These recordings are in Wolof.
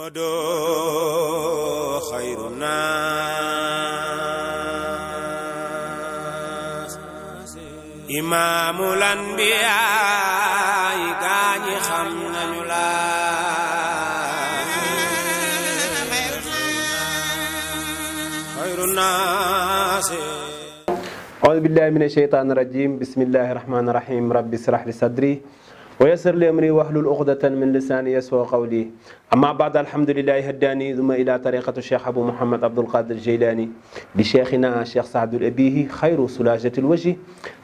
Ahmadu xayru naas imaamul anbiyaa yi gaañi xam nañu la xayru naas auzu billaahi mina sheytaani rajiim bismillaahi rahmaani rahiim rabbi israh li sadri ويسر لي أمري واحلل عقدة من لساني يسوى قولي أما بعد الحمد لله هداني ثم إلى طريقة الشيخ أبو محمد عبد القادر الجيلاني لشيخنا شيخ سعد الأبيه خير سلاجة الوجه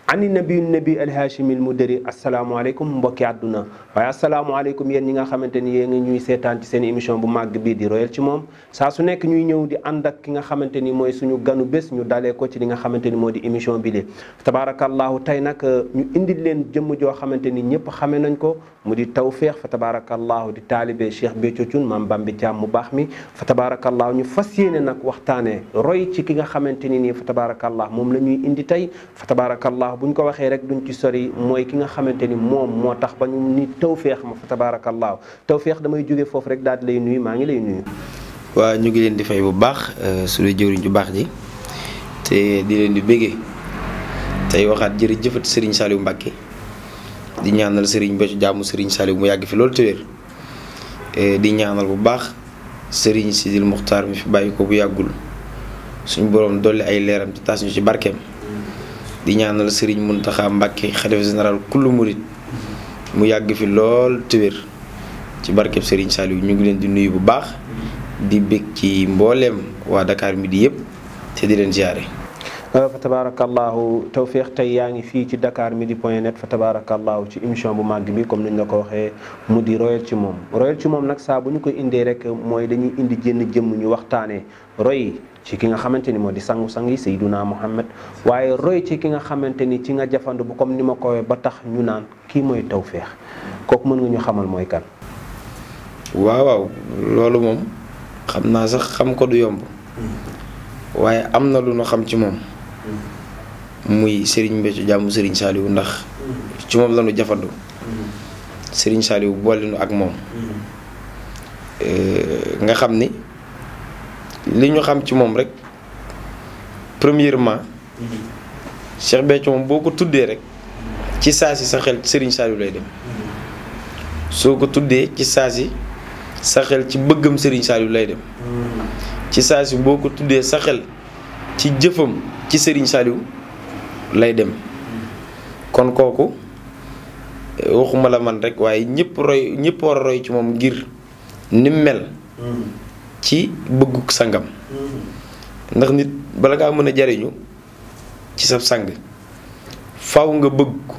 ani nabi mu alhaashimil mudari asalaamaaleykum mbokki àdduna waaye asalaamaaleykum yéen ñi nga xamante ni yéen ngi ñuy seetaan ci seen émission bu màgg bii di royal ci moom saa su nekk ñuy ñëw di ànd ak ki nga xamante ni mooy suñu ganu bés ñu dalee ko ci li nga xamante ni moo di émission bi de tabaarakallahu tey nag euh, ñu indi leen jëmm joo xamante ni ñëpp xame nañ ko mu di tawféex fa tabaarakallahu di taalibe Cheikh Béthio Thioune maam Bambi Thiam mu baax mi fa tabaarakallahu ñu fas yéene nag waxtaanee roy ci ki nga xamante ni nii fa tabaarakallahu moom la ñuy indi tey fa tabaarakallahu bu ñu ko waxee rek duñ ci sori mooy ki nga xamante ni moom moo tax ba ñu ni tawféex ma fa tabaarakallaahu feex damay jóge foofu rek daal di lay nuyu maa ngi lay nuyu. waa ñu ngi leen di fay bu baax euh, suñu jëriñ ju baax ji te di leen di béggee tey waxaat jëfat Serigne Saliou Mbacke di ñaanal Serigne Béthio jàmm Serigne Saliou mu yàgg fi loolu te wér e, di ñaanal bu baax Serigne Sidil Muxtaar mi fi bàyyi ko bu yàggul suñu borom dolli ay leeram te taas ci barkeem. di ñaanal sëriñ Muntaxa Mbàkke xalifa général kullu murit mu yàgg fi lool te ci barkeb sëriñ Saliou ñu ngi leen di nuyu bu baax di bég ci mbooleem waa Dakar Midi yëpp te di leen ziare fa tabaarakallaahu feex tey yaa ngi fii ci dakar midi point net fa tabaarakallaahu ci émission bu màgg bi comme nañ la ko waxee mu di royal ci moom royal ci moom nag saa bu ñu ko indee rek mooy dañuy indi jënn jëmm ñu waxtaanee roy ci ki nga xamante ni moo di sangu-sang yi sayduna muhammad waaye roy ci ki nga xamante ni ci nga jafandu bu comme ni ma ko ba tax ñu naan kii mooy tawféex kooku mën nga xamal mooy kan waaw waaw loolu moom xam naa sax xam ko du yomb waaye am na lu nu xam ci moom muy sëriñ Mbéthio jàmm Serigne Saliou ndax ci moom la ñu jafandu Serigne Saliou boole nu ak moom mm-hmm. eh, nga xam ni li ñu xam ci moom rek premièrement Cheikh Béthio moom boo ko tuddee rek ci saa si sa xel Serigne Saliou lay dem soo ko tuddee ci saa si sa xel ci bëggam sëriñ Saliou lay dem ci saa boo ko tuddee sa ci jëfam ci Serigne Saliou lay dem kon kooku waxuma la man rek waaye ñëpp roy ñëpp war a roy ci moom ngir ni mel ci bëgguk sangam ndax nit bala ngaa mën a jariñu ci sa sang faw nga bëgg ko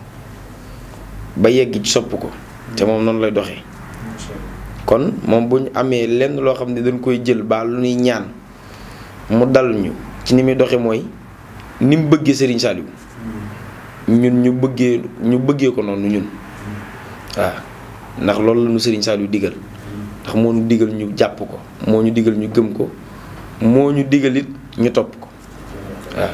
ba yegg ci sopp ko te moom noonu lay doxe kon moom bu amee lenn loo xam ne dañ koy jël ba lu ñuy ñaan mu dal ñu ci ni muy doxee mooy ni mu bëggee Serigne Saliou ñun ñu bëggee ñu bëggee ko noonu ñun waaw ndax loolu la ñu Serigne Saliou digal ndax moo ñu digal ñu jàpp ko moo ñu digal ñu gëm ko moo ñu digal it ñu topp ko waaw.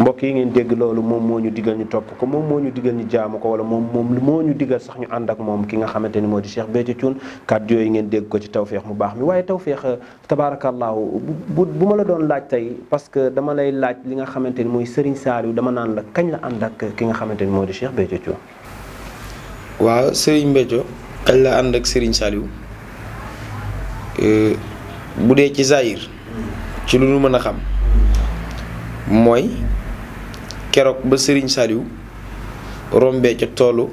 mbokk yi ngeen dégg loolu moom moo ñu digal ñu topp ko moom moo ñu digal ñu jaamu ko wala moom moom moo ñu digal sax ñu ànd ak moom ki nga xamante ni moo di Cheikh Béthio Thioune kàddu dégg ko ci tawféex mu baax mi waaye tawféex tabaarakallaahu bu bu ma la doon laaj tey parce que dama lay laaj li nga xamante ni mooy Serigne Saliou dama naan la kañ la ànd ak ki nga xamante ni moo di Cheikh Béthio Thioune. waaw Serigne Béthio kañ la ànd ak Serigne Saliou. Euh, bu dee ci Zahir ci lu nu mën a xam mooy keroog ba sëriñ Saliou rombee ca toolu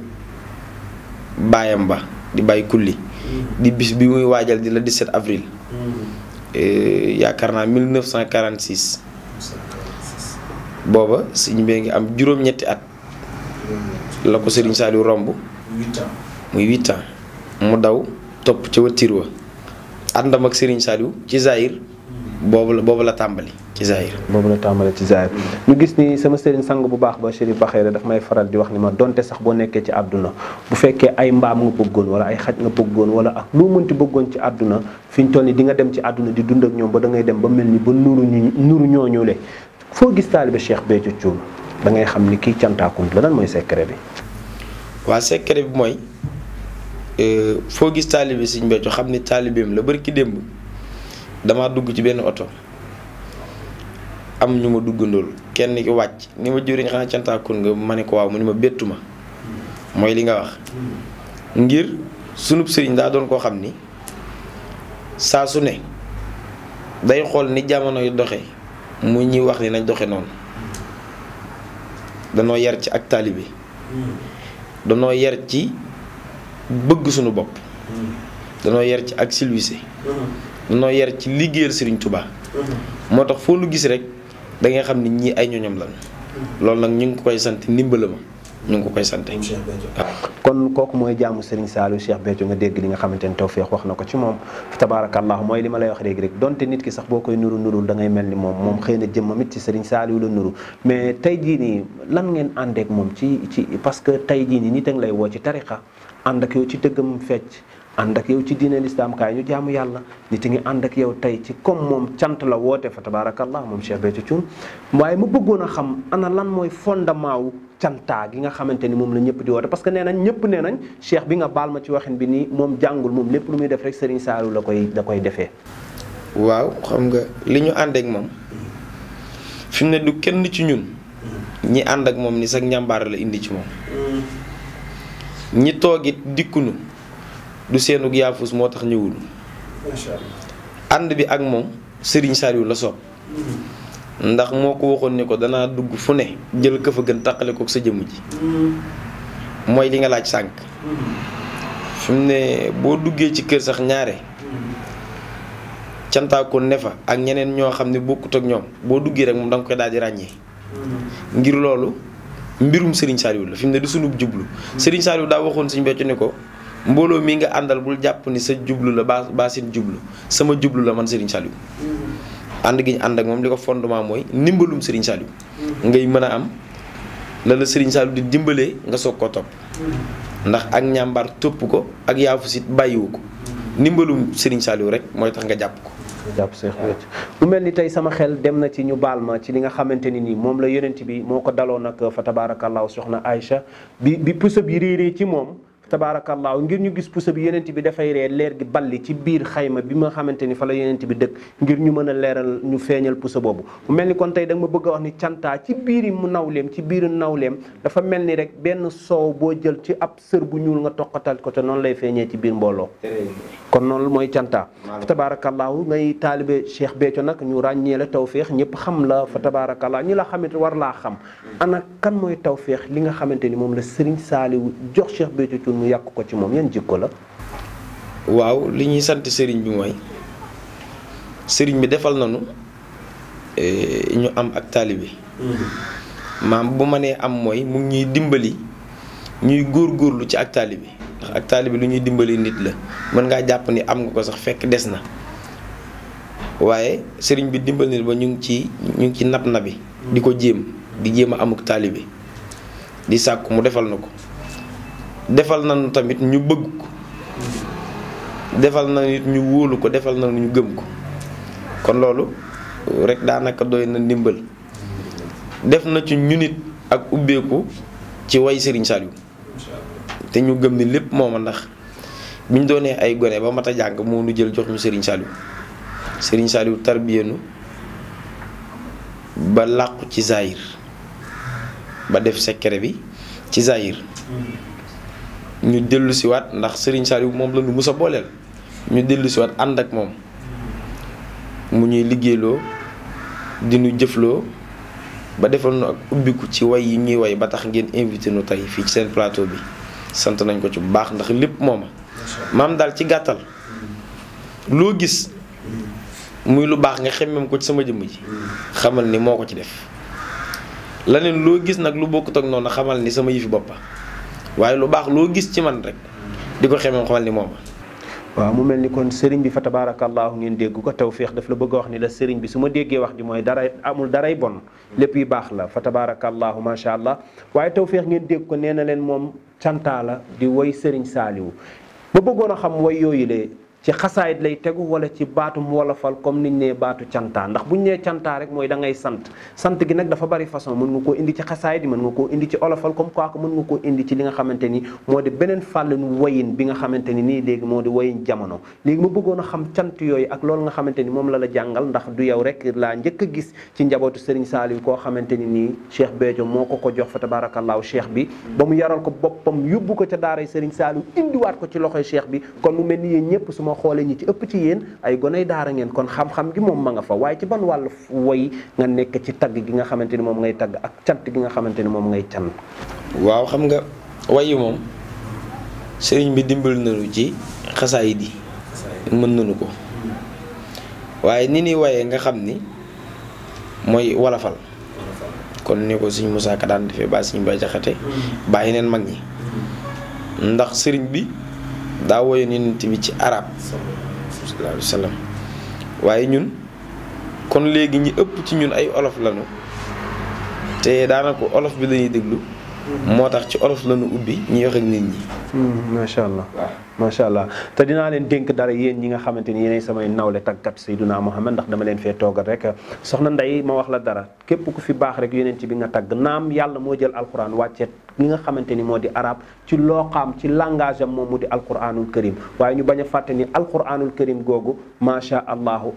baayam ba di bàyyi kulli mm. di bis bi muy waajal di la 17 avril mm. euh, yaakaar naa 1946 booba sëñ bee ngi am juróom-ñetti at la ko Serigne Saliou romb muy 8 mu daw topp ca wëttiir wa àndam ak Serigne Saliou ci Zahir boobu la boobu la tàmbali ci Zahir. boobu la tàmbali ci Zahir ñu gis ni sama sëriñ sang bu baax ba Chérif Bakhayre daf may faral di wax ni ma donte sax boo nekkee ci àdduna bu fekkee ay mbaam nga bëggoon wala ay xaj nga bëggoon wala ak lu mënti bëggoon ci àdduna fi ñu toll ni di dem ci àdduna di dund ak ñoom ba dangay ngay dem ba mel ni ba nuru ñu nuru ñooñule foo gis taalibe Cheikh Béthio Thioune da ngay xam ni kii cantaakunt la lan mooy secret bi. waa mooy. Euh, foo gis taalibe Sëñ Béthio xam ni taalibeem la bari ki démb dama dugg ci benn oto am ñu ma duggandool kenn ki wàcc ni ma jëriñ xanaa cantaakun ma ne ko waaw mu ni ma bétt ma mooy li nga wax ngir sunub sëriñ daa doon koo xam ni saa su ne day xool ni jamono yu doxe mu ñuy wax ni nañ doxe noonu danoo yar ci ak taalibe hmm. danoo yar ci bëgg suñu bopp mm-hmm. danoo yar ci ak silwise mm-hmm. danoo yar ci liggéeyal Sëriñ Tuubaa mm-hmm. moo tax foo nu gis rek da ngay xam ni ñi ay ñoñam lan loolu nag ñu ngi koy sant ndimbala ma ñu ngi ko koy sante kon kooku mooy jaamu Serigne Saliou Cheikh Béthio nga dégg li nga xamante ni tawféex wax na ko ci moom tabarakallah mooy li ma lay wax léegi rek donte nit ki sax boo koy nuru nurul da ngay mel ni moom moom xëy na jëmmam it ci Serigne Saliou la nuru mais tey jii nii lan ngeen àndeek moom ci ci parce que tey jii nii nit a lay woo ci tarixa ànd ak yow ci dëggam fecc ànd ak yow ci diine lislaam kaay ñu jaamu yàlla nit ngi ànd ak yow tey ci comme moom cant la woote fa tabarakallah moom Cheikh Béthio Thioune waaye mu bëggoon a xam ana lan mooy fondement wu cantaa gi nga xamante ni moom la ñëpp di woote parce que nee nañ ñëpp nee nañ cheikh bi nga baal ma ci waxin bi ni moom jàngul moom lépp lu muy def rek Serigne Saliou la koy la koy defee. waaw xam nga li ñu ànd moom fi ne du kenn ci ñun ñi ànd ak moom ni sax njàmbaar la indi ci moom. ñi toogit dikkunu du seenug yaafus moo tax ñëwul. ànd bi ak moom Serigne Saliou la soob. ndax moo ko waxoon ni ko danaa dugg fu ne jël këf fa gën tàqale ko sa jëmm ji mooy li nga laaj sànq fi ne boo duggee ci kër sax ñaare cantaakoon ne ak ñeneen ñoo xam ne bokkut ak ñoom boo duggee rek moom da koy daal di ràññee ngir loolu mbirum Serigne Saliou la fi mu ne du sunub jublu Serigne Saliou daa waxoon suñu beccu ni ko mbooloo mi nga àndal bul jàpp ni sa jublu la baa jublu sama jublu la man sëriñ Saliou ànd gi ñu ànd ak moom li ko fondement mooy ndimbalum Serigne Saliou. ngay mën a am la la Serigne Saliou di dimbalee nga soog koo topp. ndax ak ñàmbaar topp ko ak yaafu bàyyiwu ko. ndimbalum Serigne Saliou rek mooy tax nga jàpp ko. jàpp seex bu mel ni tey sama xel dem na ci ñu baal ma ci li nga xamante ni nii moom la yeneent bi moo ko daloon ak fa tabaarakallaahu soxna Aïcha bi bi pusab yi réeree ci moom. tabaarakallaahu ngir ñu gis puso bi yeneent bi dafay ree leer gi balli ci biir xayma bi nga xamante ni fa la yonent bi dëkk ngir ñu mën a leeral ñu feeñal puso boobu mu mel ni kon tey da bëgg a wax ni cantaa ci biiri mu nawleem ci biiru nawleem dafa mel ni rek benn soow boo jël ci ab sër bu ñuul nga toqatal ko te noonu lay feeñee ci biir mbooloo kon noonu mooy cantaa fa tabaarakallaahu ngay taalibe Cheikh Béthio nag ñu ràññee la tawféex ñëpp xam la fa tabaarakallaahu ñi la xamit war laa xam ana kan mooy tawféex li nga xamante ni moom la Serigne Saliou jox Cheikh Béthio mu yàq ko ci moom yan ko la. waaw li ñuy sant sëriñ bi mooy sëriñ bi defal na nu e, ñu am ak taalibe mm-hmm. maam bu ma nee am mooy mu ñuy dimbali ñuy góor góorlu ci ak taalibe ndax ak taalibe lu ñuy dimbali nit la mën ngaa jàpp ni am nga ko sax fekk des na waaye sëriñ bi dimbali nit ba ñu ngi ci ñu ngi ci nab nabi di ko jéem di jéem a amuk taalibe di sàkk mu defal na ko defal nañu tamit ñu bëgg ko defal na it ñu wóolu ko defal na nañu ñu gëm ko kon loolu rek daanaka doy na ndimbal def na ci ñu nit ak ubbeeku ci way sëriñ Saliou te ñu gëm ni lépp moo ma ndax biñ doonee ay gone ba mat a jàng moo nu jël jox ñu Serigne Saliou Serigne Saliou tarbiyenu ba làqu ci Zahir ba def secret bi ci Zahir. ñu dellu siwaat ndax Serigne Saliou moom la ñu mus a booleel ñu dellu siwaat ànd ak moom mu ñuy liggéeyloo di ñu jëfloo ba defal nu ak ubbiku ci way yi ñuy way ba tax ngeen invité nu tey fii ci seen plateau bi sant nañ ko ci bu baax ndax lépp mooma maam daal ci gàttal loo gis muy lu baax nga xemmem ko ci sama jëmm ji xamal ni moo ko ci def leneen loo gis nag lu bokkut ak noonu xamal ni sama yëfi boppa waaye lu baax loo gis ci man rek di ko xemem xamal ni moom waaw mu mel ni kon sëriñ bi fa tabaarakallaahu ngeen dégg ko tawféex daf la bëgg a wax ni la sëriñ bi su ma déggee wax ji mooy dara amul daray bon lépp yi baax la fa tabaarakallaahu macha allah waaye tawféex ngeen dégg ko nee na leen moom cantaa la di woy sëriñ saaliwu ba bëggoon a xam woy yooyu lee ci xasaayit lay tegu wala ci baatum wolofal comme niñ nee baatu canta ndax buñ nee cantaa rek mooy da ngay sant sant gi nag dafa bari façon mën nga koo indi ci xasaayit mën nga koo indi ci olofal comme quoi que mën nga koo li nga xamante ni moo di beneen fàllun wayin bi nga xamante ni nii léegi moo di wayin jamono léegi ma bëggoon a xam cant yooyu ak loolu nga xamante ni moom la la jàngal ndax du yow rek laa njëkk a gis ci njabootu koo xamante ni nii Cheikh Béthio moo ko ko jox fa tabaarakallaahu Cheikh bi ba mu yaral ko boppam yóbbu ko ca daaray Serigne Saliou indiwaat ko ci loxo Cheikh bi kon mu mel ni yéen ñëpp ma xoolee ñi ci ëpp ci yéen ay goney daara ngeen kon xam-xam gi moom ma nga fa waaye ci ban wàllu woy nga nekk ci tagg gi nga xamante ni moom ngay tagg ak cant gi nga xamante ni moom ngay can waaw xam nga wayi moom sëriñ bi dimbal nañu ci xasaay di mën nañu ko waaye ni ni waaye nga xam ni mooy wolofal kon ni ko suñ Moussa daan defee ba suñ Ba bàyyi neen mag ñi mm-hmm. ndax sëriñ bi daaw woyoon yonent bi ci arab waaye ñun kon léegi ñi ëpp ci ñun ay olof lañu te daanaka olof bi lañuy déglu moo tax ci olof la ñu ubbi ñu wax ak nit ñi. Hmm, macha allah macha allah te dinaa leen dénk dara yéen ñi nga xamante ni yéenay samay nawle tàggat Seydina Muhammad ndax dama leen fee toogal rek soxna Ndey ma wax la dara képp ku fi baax rek ci bi nga tàgg naam yàlla moo jël alquran wàcceet li nga xamante ni moo di arab ci looxaam ci langage moom mu di al alquranul karim waaye ñu bañ a fàtte ni alquranul karim googu macha allahu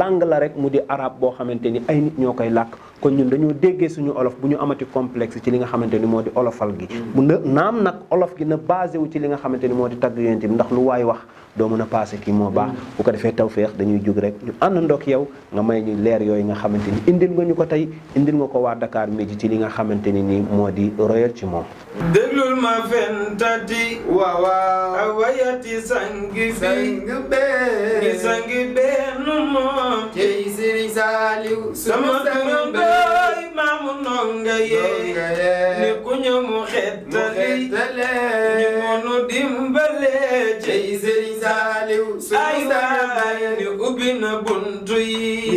langue la rek mu di arab boo xamante ni ay nit ñoo koy làkk kon ñun dañoo déggee suñu olof bu ñu amati complexe ci li nga xamante ni moo di olofal gi. Mm. bu naam nag olof gi na basé wu ci li nga xamante ni moo di tagg yonent bi ndax lu waay wax. doo mën a passé kii moo baax mm. bu ko defee tawféex dañuy jóg rek ñu ànd ndoog yow nga may ñu leer yooyu nga xamante ni indil nga ñu ko tey indil nga ko waa Dakar Midi ci li nga xamante ni nii moo di royal ci moom déglul ma fentati waawaaw awayati yee ni mu xettali ñu na bunt yi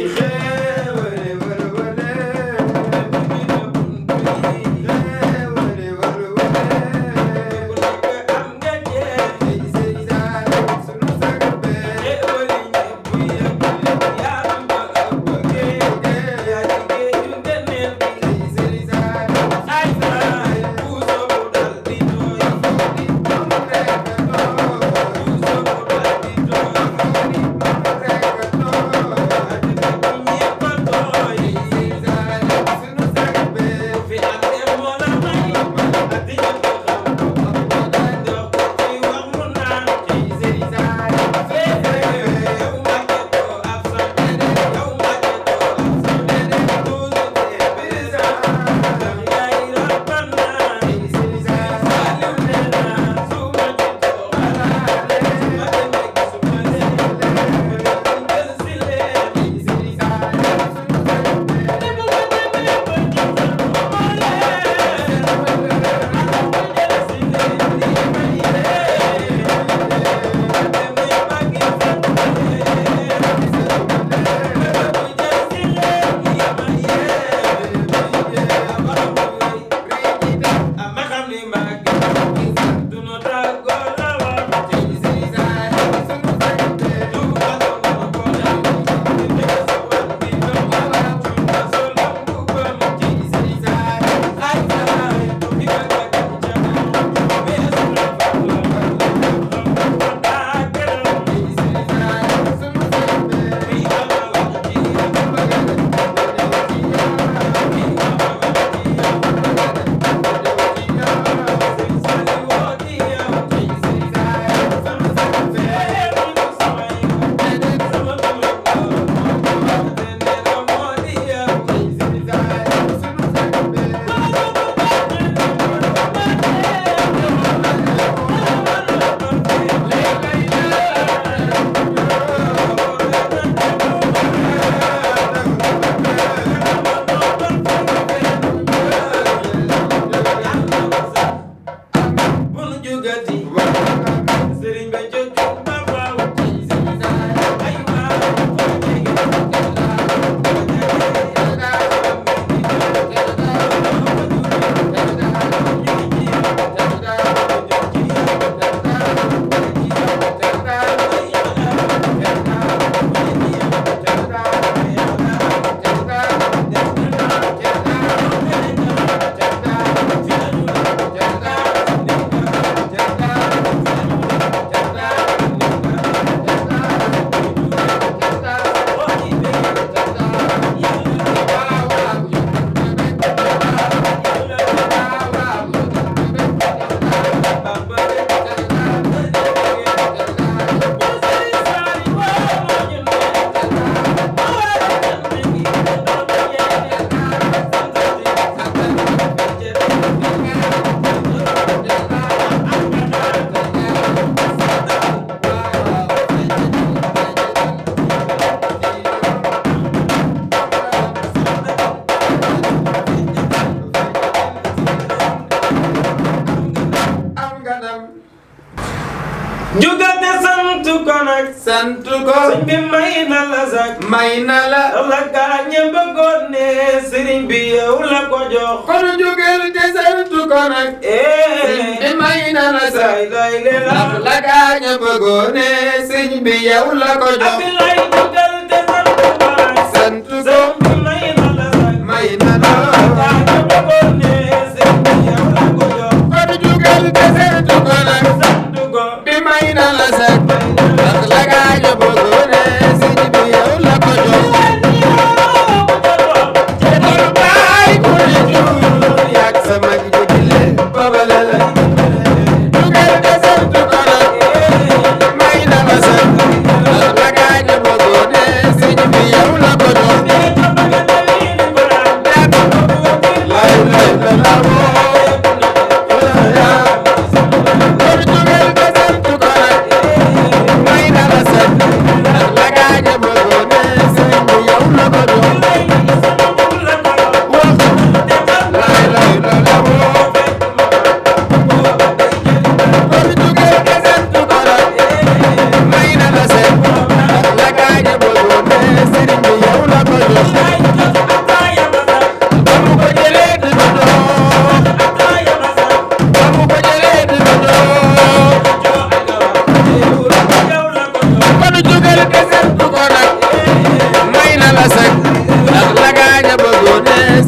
ndax la gaaña bëggoone sëñ bi yow la ko jox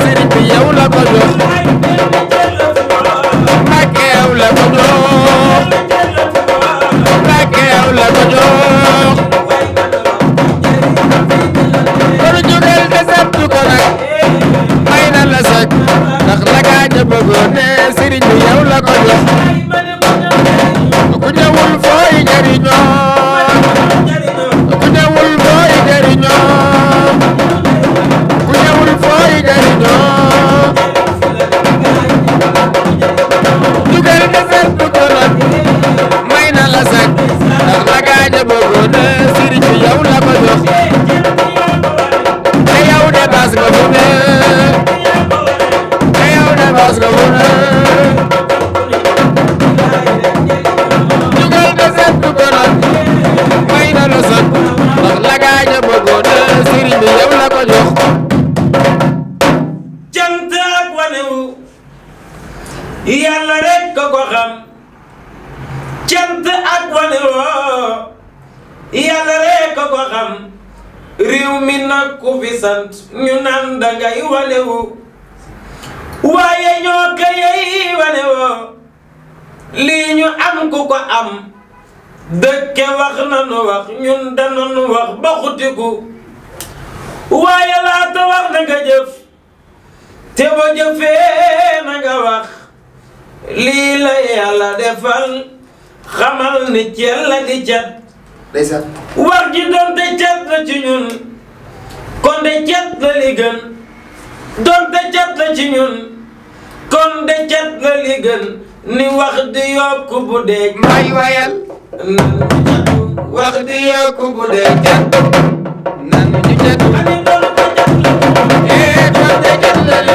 sëriñ bi yow la ko jox yàlla sant ñu naan da ngay wanewu lii ñu am ku ko am dëkke wax nanu wax ñun dananu wax ba xutiku waaye laata wax na nga jëf te ba jëfee na nga wax lii la yàlla defal xamal ni ci la di ndeysaan wax ji donte cat la ci ñun kon de cat la li gën donte cat la ci ñun kon de cat la li ni wax di yokk bu bu dee cat eh, la li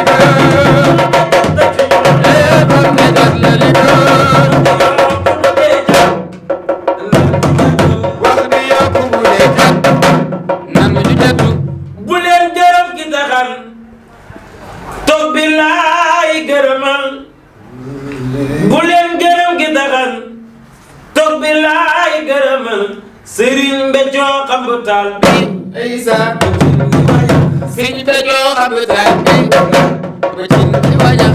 Serigne Béthio Xabu Taal bi Isa Serigne Béthio Xabu Taal bi ba ci wajax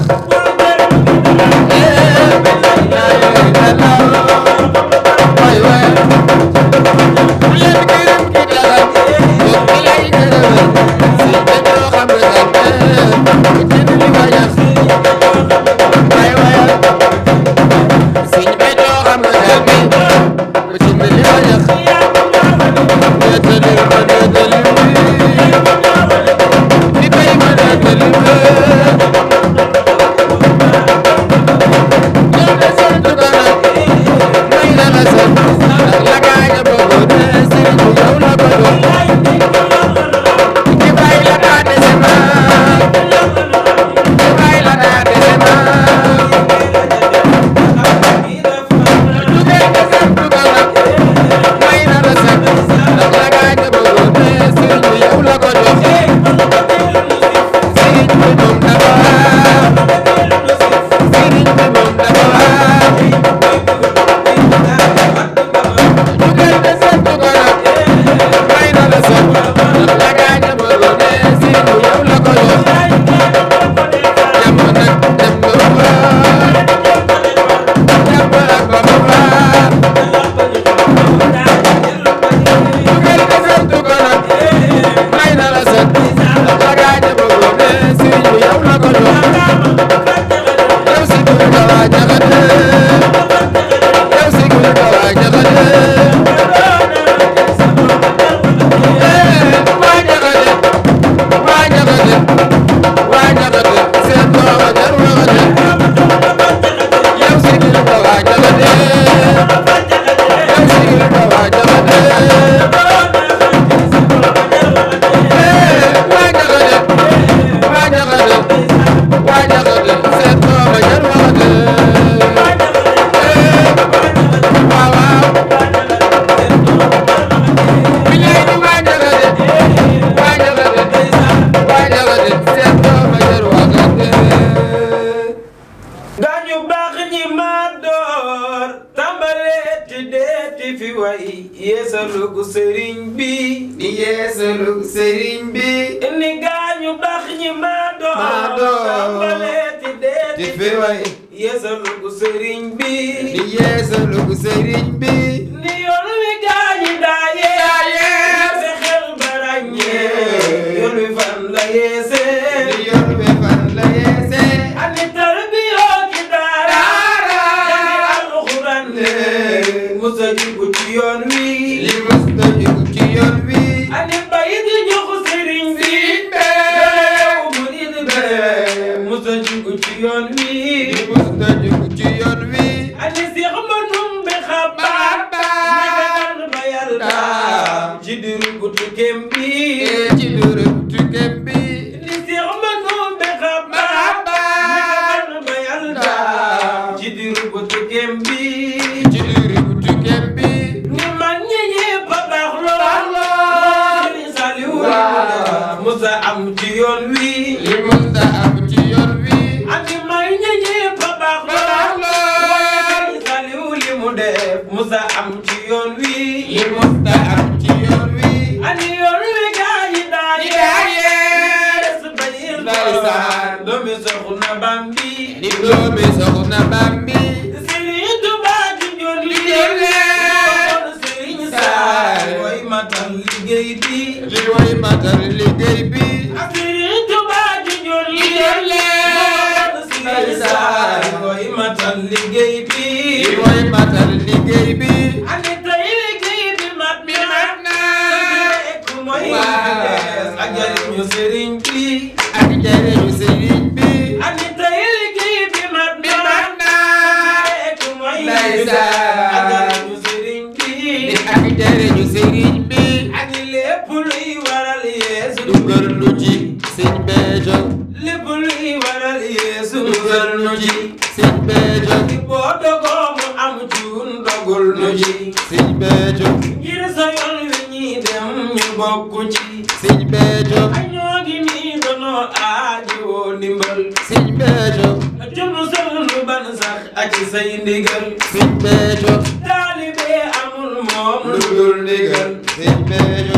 luy waral yeesu dugal nu ci sëñ beejo lépp luy waral yeesu dugal nu ci sëñ beejo di boo dogoo mu am cuun dogul nu ci sëñ beejo ngir sa yoon wi ñuy dem ñu bokku ci sëñ beejo ak ñoo ngi nii donoo aajowoo ndimbal sëñ beejo ci musal nu ban sax ak ci say ndigal sëñ beejo taalibe amul moom lu dul ndigal sëñ beejo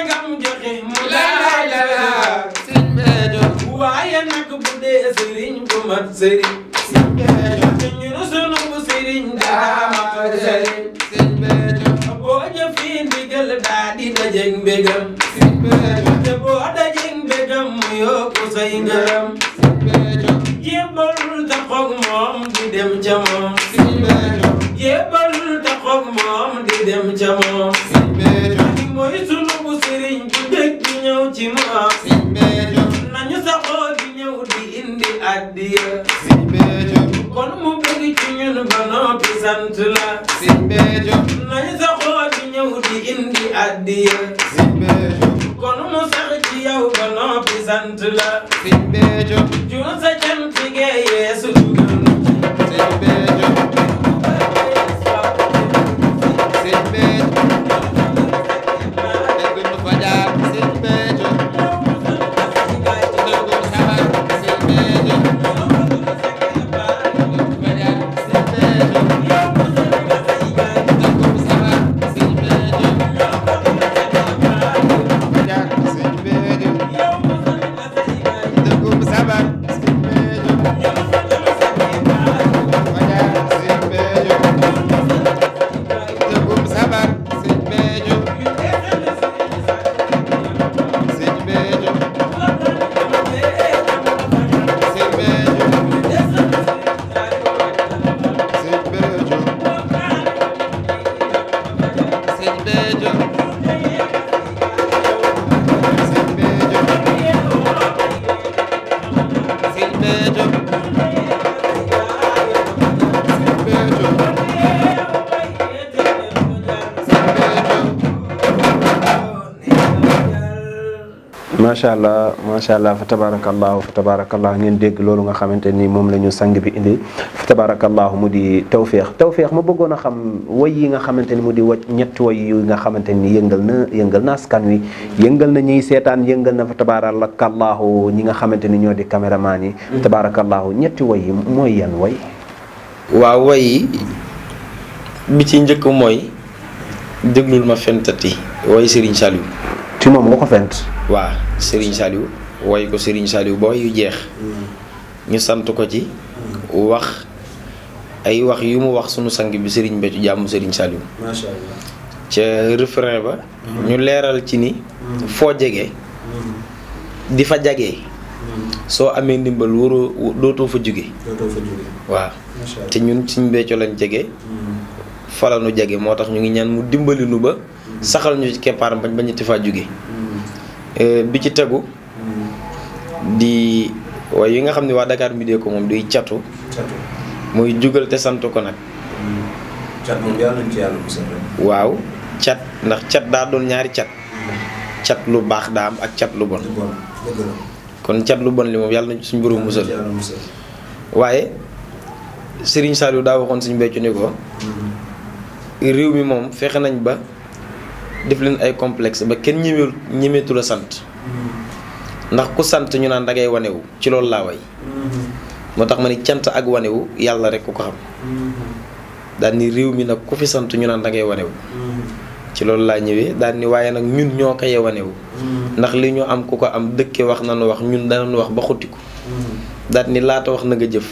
sangam joxe mu laa laa sëñ bee jox waaye nag bu dee sëriñ bu mat sëriñ sëñ bee jox ñu ne sunu bu sëriñ daa mat sëriñ sëñ bee jox boo jëfee ndigal daa di dajeeg mbégam sëñ bee jox te boo dajeeg mbégam mu yokku say ngërëm sëñ bee jox jébbalul taxoog moom di dem ca moom sëñ bee jox jébbalul taxoog moom di dem ca moom sëñ bee jox mooy ci ma Sëñ Béthio nañu saxoo di ñëw di indi addiya Sëñ Béthio kon ba noppi sant la Sëñ Béthio nañu saxoo di ñëw di indi addiya sa cant Red. macha allah macha allah fa tabarakallahu fa tabarakallahu ngeen dégg loolu nga xamante ni moom la ñu sang bi indi fa tabarakallahu mu di tawféex tawféex ma bëggoon a xam way yi nga xamante ni mu di waj ñetti way nga xamante ni yëngal na yëngal na askan wi yëngal na ñiy seetaan yëngal na fa tabarakallahu ñi nga xamante ni ñoo di caméraman yi tabarakallahu ñetti way mooy yan woy waaw way yi bi ci njëkk mooy déglul ma fentati way Serigne Saliou ci moom nga ko fent waa Serigne Saliou way ko Serigne Saliou ba yu jeex mm. ñu sant ko ci mm. wax ay wax yu mu wax sunu sang bi Serigne Béthio jàmm Serigne Saliou macha Allah ca refrain ba mm. ñu leeral ci ni foo jege di fa jage soo amee ndimbal waroo dootoo fa jóge waaw te ñun suñ Béthio lañ jege falanu jege moo tax ñu ngi ñaan mu dimbali nu ba saxal ñu ci keppaaram bañ bañu ti faa jóge Eh, bi ci tegu mm. di waaye yi nga xam ne waa Dakar Midi ko moom duy catu. mooy muy jugal te sant ko nag. Mm. cat waaw cat ndax cat daa doon ñaari cat. Mm. cat lu baax daa am ak cat lu bon. kon cat lu bon li moom yàlla nañ suñu borom musal. waaye sëriñ Saliou daa waxoon suñu mbéccu ni ko. réew mi moom fexe nañ ba. def leen ay complexe ba kenn ñeme ñemeetu la sant ndax ku sant ñu naan dangay wanewu ci loolu laa way moo tax ma ni cant ak wanewu yàlla rek ku ko xam daal ni réew mi nag ku fi sant ñu naan dangay wanewu ci loolu laa ñëwee daal waaye nag ñun ñoo koy wanewu ndax li ñu am ku ko am dëkke wax na nu wax ñun danañu wax ba xutiku daal laata wax na nga jëf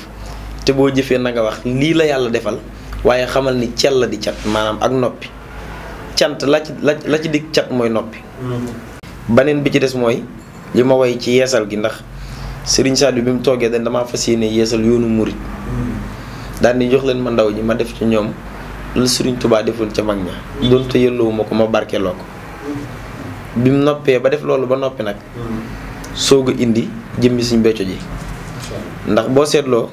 te boo jëfee na nga wax lii la yàlla defal waaye xamal ni cell la di cat maanaam ak noppi cant la ci la ci dig cat mooy noppi. beneen bi ci des mooy li ma woy ci yeesal gi ndax sëriñ Saliou bi mu toogee dañ damaa fas yéene yeesal yoonu murit daal di jox leen ma ndaw ñi ma def ci ñoom lu sëriñ tubaa defoon ca mag ña. donte yëllowuma ko ma barkeloo ko. bi mu noppee ba def loolu ba noppi nag. soog a indi jëmmi suñ becco ji. ndax boo seetloo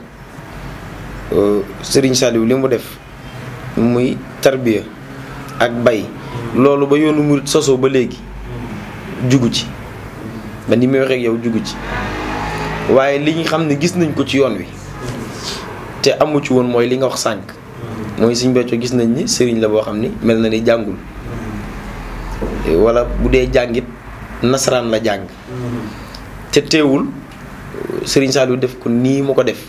euh, Serigne Saliou li mu def muy tarbiya. ak bay loolu ba yoonu murit sosoo ba léegi jugu ci ba ni may waxee yow jugu ci waaye li xam ne gis nañ ko ci yoon wi te amu ci woon mooy li nga wax sànq mooy Sëñ Béthio gis nañ ni sëriñ la boo xam ne mel na ni jàngul wala bu dee jàngit nasaraan la jàng te teewul sëriñ Saliou def ko nii mu ko def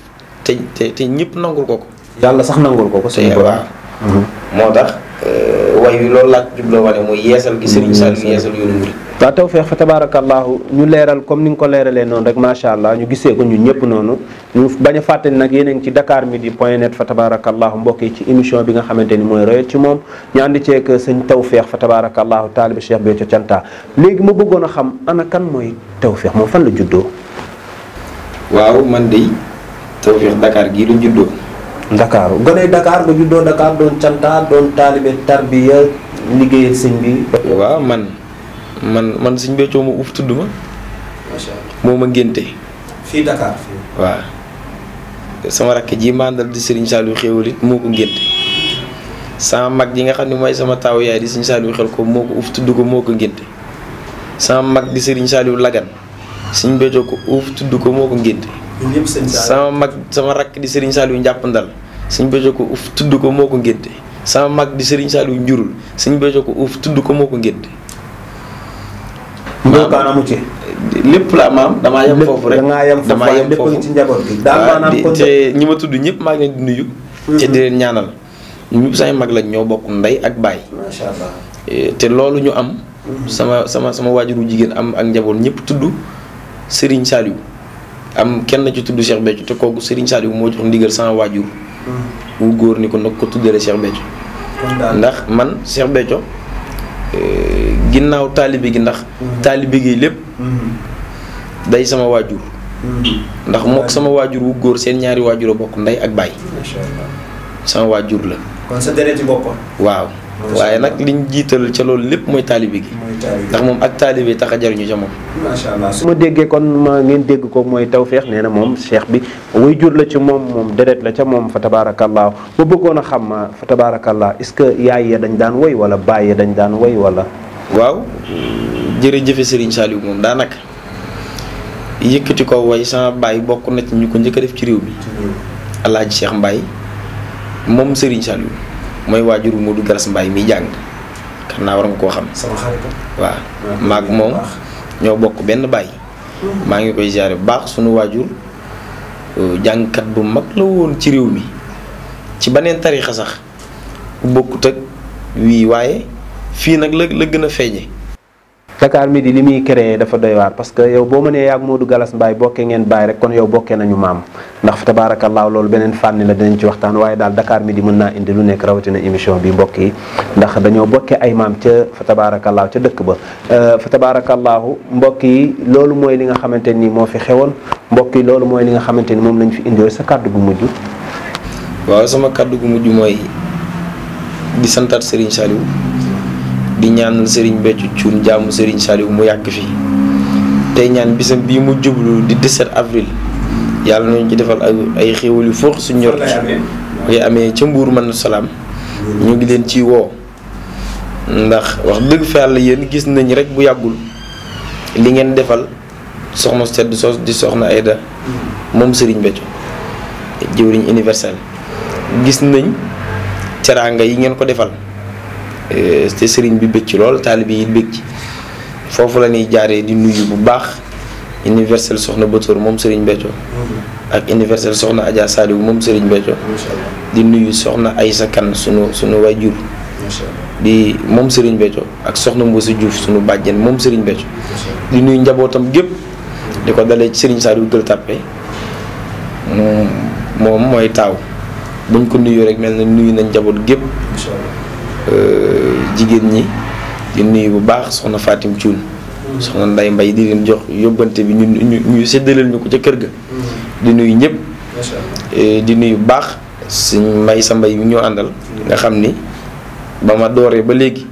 te te te ñëpp nangul ko ko yàlla sax nangul ko ko sëñ mhm. moo tax Euh, way wi loolu laaj jubloo wane muy yeesal gi sëriñ Saliou mm-hmm. yeesal yoonu murid waaw tawfeex fa tabaarakallaahu ñu leeral comme ni nga ko leeralee noonu rek macha allah ñu gisee ko ñun ñëpp noonu ñu bañ a fàtte nag yeneen ci Dakar midi point net fa tabaarakallaahu mbokk yi ci émission bi nga xamante ni mooy royet ci moom ñu ànd ceeg sëñ tawfeex fa tabaarakallaahu taaliba Cheikh Béthio Thianta léegi ma bëggoon a xam ana kan mooy tawfeex moom fan la juddoo. man de tawfeex Dakar gii la juddoo. ndakaaru gone Dakar nga juddoo Dakar doon cantaar doon taalibe tarbiya liggéeyal sëñ bi. waaw man man man sëñ Béthio ma uuf tudd ma. macha allah moo ma ngénte. fii Dakar fii. waaw sama rakk di Serigne Saliou xéwal it mag ji nga xam ne mooy sama taaw yaay di Serigne Saliou xel ko moo ko uuf tudd ko moo ko ngénte sama mag di sëriñ Saliou Lagan sëñ Béthio ko uuf tudd ko moo ko ngénte. ñun sama mag sama rakk di Serigne Saliou njàppandal sëñ Béthio ko uuf tudd ko moo ko ngénte sama mag di Serigne Saliou njurul suñ Béthio ko uuf tudd ko moo ko ngénte. maanaam lépp la maam damaa yem foofu rek damaa yem foofu waaye lépp ci njaboot ah, te ñi ma tudd ñëpp maa ngi di nuyu. Mm-hmm. te di leen ñaanal ñëpp say mag lañ ñoo bokk ndey ak baay. macha allah eh, te loolu ñu am. Mm-hmm. sama sama sama waajuru jigéen am ak njaboot ñëpp tudd Serigne Saliou. am kenn ci tudd Cheikh Béthio te kooku Serigne Saliou moo jox ndigal sama waajur wu hmm. góor ni ko nag ko tuddale Cheikh Béthio ndax man Cheikh Béthio eh, ginnaaw taalibe gi ndax hmm. taalibe gi lépp hmm. day sama waajur ndax mook sama waajur wu góor seen ñaari waajur a bokk nday ak baay sama waajur la waaw waaye nag liñ jiital ca loolu lépp mooy taalibe gi ndax moom ak taalibe tax a jariñu ca moom su ma déggee kon ma ngeen dégg ko mooy tawféex nee na moom cheikh bi way jur la ci moom moom deret la ca moom fa tabaarakallaa ba bëggoon a xam fa tabaarakallaa est-ce que yaay ya dañ daan woy wala baay ya dañ daan woy wala waaw jërëjëfe Serigne Saliou moom daanaka yëkkati ko way sama baay bokk na ci ñu ko njëkk a def ci réew bi alaaji Cheikh Mbaye moom Serigne Saliou mooy waajuru Modou Galas Mbaye mi jàng xam naa war nga koo xam. sama xarit waaw maag moom ñoo bokk benn baay. Mm-hmm. maa ngi koy ziare bu baax sunu waajur euh, jàngkat bu mag la woon ci réew mi ci beneen tariixa sax bu bokkut ak wii waaye fii nag la la gën a feeñe Dakar Midi li muy créé dafa doy waar parce que yow boo mënee yàgg Modou Galas Mbaye bokkee ngeen bàyyi rek kon yow bokkee nañu maam ndax tabaarakallaa loolu beneen fànni la dinañ ci waxtaan waaye daal Dakar Midi mën naa indi lu nekk rawatina émission bi mbokk yi ndax dañoo bokkee ay maam ca fa tabaarakallaa ca dëkk ba euh, fa tabaarakallaahu mbokk yi loolu mooy li nga xamante nii moo fi xewoon mbokk yi loolu mooy li nga xamante ni moom lañu fi indiwoon sa kàddu gu mujj waaw sama kàddu gu mujj mooy di santaat Serigne Saliou di ñaan Serigne Béthio Thioune jaamu Serigne Saliou mu yàgg fi tey ñaan bisam bi mu jublu di 17 avril yàlla nañu ci defal ay xéwal yu foox suñ ñor koy amee ca Mbour man salaam ñu ngi leen ci woo ndax wax dëgg fa yàlla yéen gis nañ rek bu yàggul li ngeen defal soxna sedd sos di soxna Aida moom Serigne Béthio jëwriñ universel gis nañ teraanga yi ngeen ko defal Euh, te sëriñ bi bëgg ci lool taalibe yi bëgg ci foofu la ñuy jaaree di nuyu bu baax universel soxna Batoor moom sëriñ Béthio ak universel soxna Adja Saliou moom sëriñ Béthio di nuyu soxna Aysa Kan sunu sunu wajur di moom sëriñ Béthio ak soxna Mbosi Diouf sunu bàjjen moom sëriñ di nuyu njabootam gépp di ko dalee ci sëriñ Saliou Gueule Tapée moom mooy taaw buñ ko nuyu rek mel na nuyu nañ njaboot gépp jigéen ñi di nuyu bu baax soxna faatim Thioune soxna Nday Mbay di leen jox yóbbante bi ñu ñu ñu séddaleel ñu ko ca kër ga mm. di nuyu ñëpp eh, di nuyu bu baax suñ mbay sa mbay bi ñoo àndal nga xam ni ba ma dooree ba léegi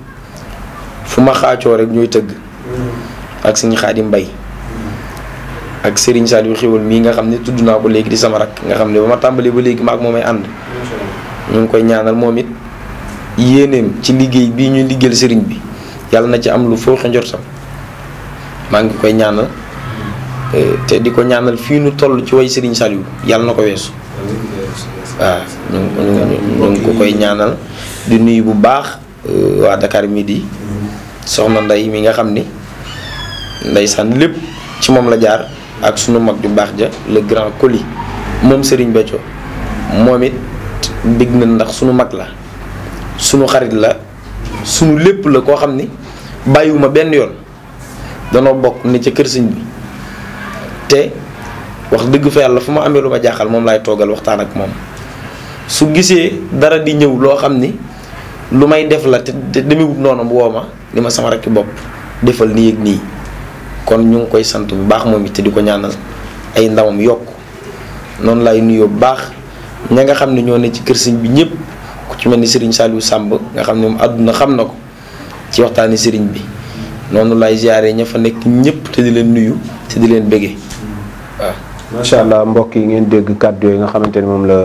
fu ma xaacoo rek ñooy tëgg mm. ak suñu xaadi mbay mm. ak Serigne Saliou xéwal mii nga xam ne tudd naa ko léegi di sama rak nga xam ne ba ma tàmbalee ba léegi maak moomay ànd ñu ngi koy ñaanal moom it yéeneem ci liggéey bii ñu liggéeyal sëriñ bi yàlla na ci am lu foo njortam maa ngi koy ñaanal eh, te di ko ñaanal fii nu toll ci way sëriñ Saliou yàlla na ko weesu waaw ñu ñu ngi ko koy ñaanal di nuyu bu baax eh, waa Dakar Midi soxna Ndey mi nga xam ni ndey ndeysaan lépp ci moom la jaar ak sunu mag ju baax ja le grand colis moom sëriñ Béthio moom it bég na ndax sunu mag la sunu xarit la sunu lépp la koo xam ni bàyyiwuma benn yoon danoo bokk ne ci kërsëñ bi te wax dëgg fa yàlla fu ma amee lu jaaxal moom laay toogal waxtaan ak moom su gisee dara di ñëw loo xam ni lu may def la te te demewut noonu woo ma li ma sama rakki bopp defal nii ak nii kon ñu ngi koy sant bu baax moom it te di ko ñaanal ay ndamam yokk noonu lay nuyoo bu baax ña nga xam ne ñoo ne ci kërsëñ bi ñëpp. ci ni Serigne Saliou Samb nga xam ne moom àdduna xam na ko ci waxtaani Serigne bi noonu laay ziare ña fa nekk ñëpp te di leen nuyu te di leen bëggee waaw. macha allah mbokk yi ngeen dégg kàddu yi nga xamante ni moom la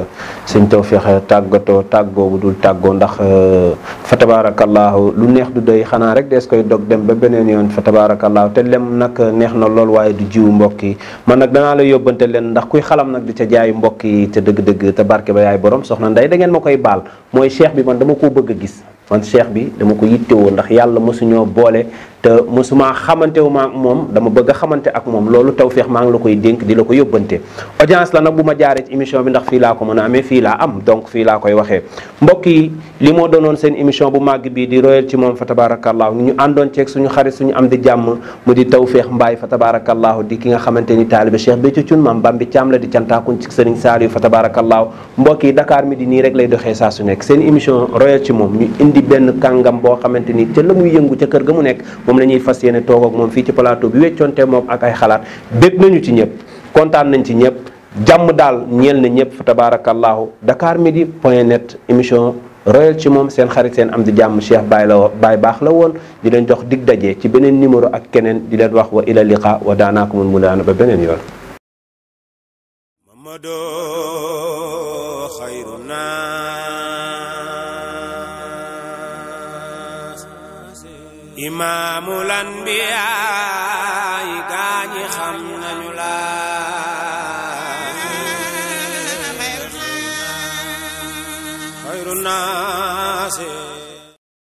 sëñ Tawféex tàggatoo tàggoo bu dul tàggoo ndax euh, fa tabaarakallaahu lu neex du doy xanaa rek dees koy dog dem ba beneen yoon fa tabaarakallaahu te lem nag neex na lool waaye du jiwu mbokk yi man nag danaa la yóbbante leen ndax kuy xalam nag di ca jaayu mbokk yi te dëgg-dëgg te barke ba yaay borom soxna ndey da ngeen ma koy baal mooy cheikh bi man dama koo bëgg a gis man cheikh bi dama ko yittewoo ndax yàlla mosuñoo boole te mosuma xamante wu ma ak moom dama bëgg a xamante ak moom loolu feex maa ngi la koy dénk di la ko yóbbante audience la nag bu ma jaaree ci émission bi ndax fii laa ko mën a amee fii laa am fii laa koy waxee mbokk yi li moo doonoon seen émission bu màgg bi di royal ci moom fa tabaarakallaahu ñu àndoon ceeg suñu xarit suñu am di jàmm mu di tawféex mbaay fa tabaarakallaahu di ki nga xamante ni taalibe Cheikh Béthio Thioune maam Bambi Thiam la di cantaakun ci sëriñ Saliou fa tabaarakallaahu mbokk yi Dakar mi di nii rek lay doxee saa su nekk seen émission royal ci moom ñu indi benn kàngam boo xamante ni ca la muy yëngu ca kër ga mu nekk moom la ñuy fas yéene toog moom fii ci plateau bi weccoonte moom ak ay xalaat bég nañu ci ñëpp kontaan nañ ci ñëpp jàmm daal ñeel na ñëpp tabaarakallaahu dakar midi point net émission royal ci moom seen xarit seen am di jàmm Cheikh baay la Baye baax la woon di leen jox dig daje ci beneen numéro ak keneen di leen wax wa ila liqa wa daanaakumul mudaana ba beneen yoon imaamul anbiyaa